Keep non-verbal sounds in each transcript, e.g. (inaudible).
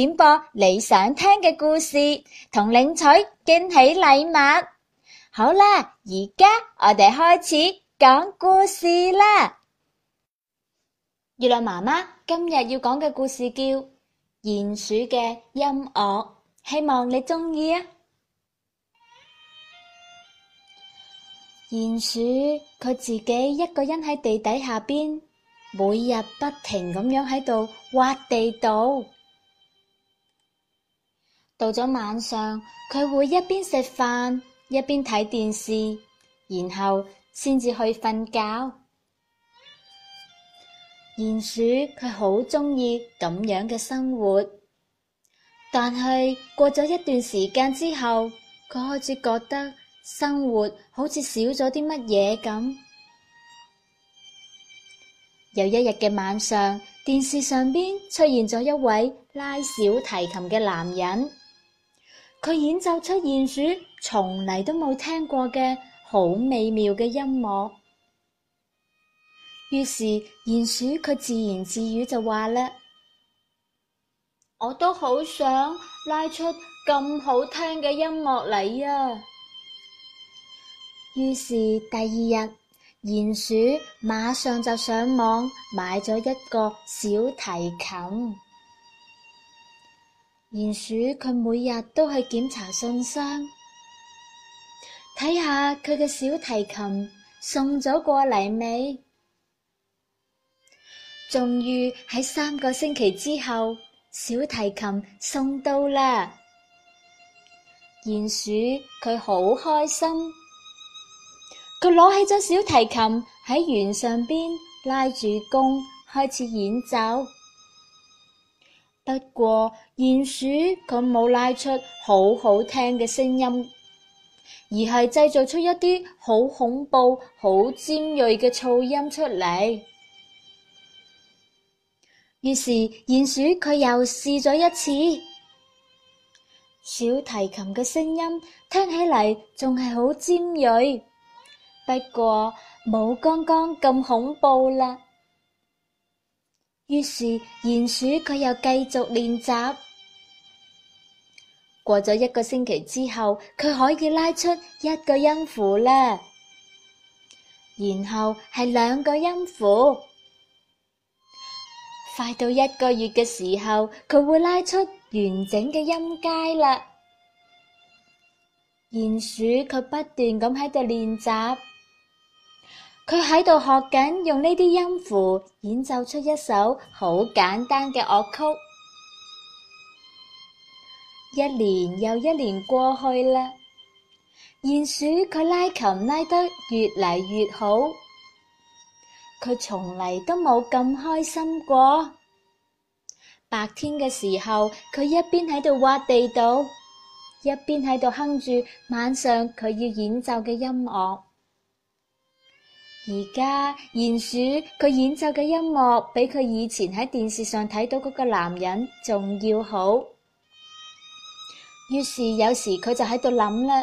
點播你想聽嘅故事，同領取驚喜禮物。好啦，而家我哋開始講故事啦。月亮媽媽今日要講嘅故事叫《鼹鼠嘅音樂》，希望你鍾意啊。鼹鼠佢自己一個人喺地底下邊，每日不停咁樣喺度挖地道。到咗晚上，佢會一邊食飯，一邊睇電視，然後先至去瞓覺。鼹鼠佢好鍾意咁樣嘅生活，但係過咗一段時間之後，佢開始覺得生活好似少咗啲乜嘢咁。有一日嘅晚上，電視上邊出現咗一位拉小提琴嘅男人。佢演奏出鼴鼠從嚟都冇聽過嘅好美妙嘅音樂，於是鼴鼠佢自言自語就話啦：我都好想拉出咁好聽嘅音樂嚟啊！於是第二日，鼴鼠馬上就上網買咗一個小提琴。鼴鼠佢每日都去檢查信箱，睇下佢嘅小提琴送咗過嚟未？終於喺三個星期之後，小提琴送到啦！鼴鼠佢好開心，佢攞起咗小提琴喺絃上邊拉住弓，開始演奏。不過，鼴鼠佢冇拉出好好聽嘅聲音，而係製造出一啲好恐怖、好尖銳嘅噪音出嚟。於是，鼴鼠佢又試咗一次，小提琴嘅聲音聽起嚟仲係好尖銳，不過冇剛剛咁恐怖啦。於是，鼴鼠佢又繼續練習。過咗一個星期之後，佢可以拉出一個音符啦。然後係兩個音符。快到一個月嘅時候，佢會拉出完整嘅音階啦。鼴鼠佢不斷咁喺度練習。佢喺度學緊用呢啲音符演奏出一首好簡單嘅樂曲。一年又一年過去啦，鼹鼠佢拉琴拉得越嚟越好，佢從嚟都冇咁開心過。白天嘅時候，佢一邊喺度挖地道，一邊喺度哼住晚上佢要演奏嘅音樂。而家鼴鼠佢演奏嘅音樂比佢以前喺電視上睇到嗰個男人仲要好，於是有時佢就喺度諗啦，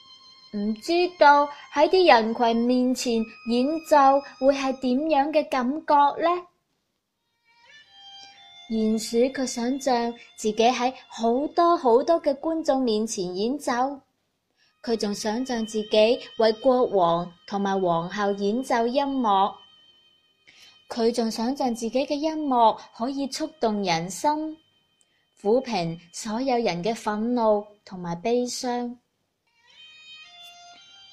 「唔知道喺啲人群面前演奏會係點樣嘅感覺呢？」鼴鼠佢想象自己喺好多好多嘅觀眾面前演奏。佢仲想象自己為國王同埋皇后演奏音樂，佢仲想象自己嘅音樂可以觸動人心，撫平所有人嘅憤怒同埋悲傷。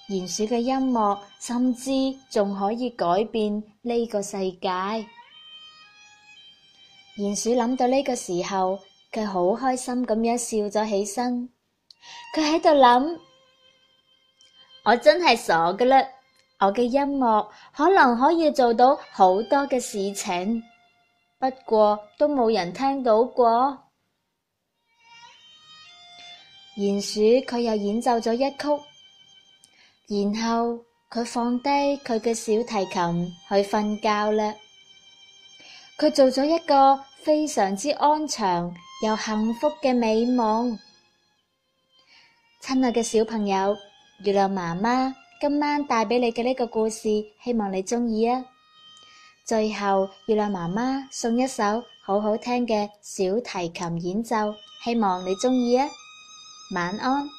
鼹鼠嘅音樂，甚至仲可以改變呢個世界。鼹鼠諗到呢個時候，佢好開心咁樣笑咗起身，佢喺度諗。我真係傻㗎啦！我嘅音樂可能可以做到好多嘅事情，不過都冇人聽到過。鼹 (noise) 鼠佢又演奏咗一曲，然後佢放低佢嘅小提琴去瞓覺啦。佢做咗一個非常之安詳又幸福嘅美夢。親愛嘅小朋友。月亮媽媽今晚帶畀你嘅呢個故事，希望你鍾意啊！最後月亮媽媽送一首好好聽嘅小提琴演奏，希望你鍾意啊！晚安。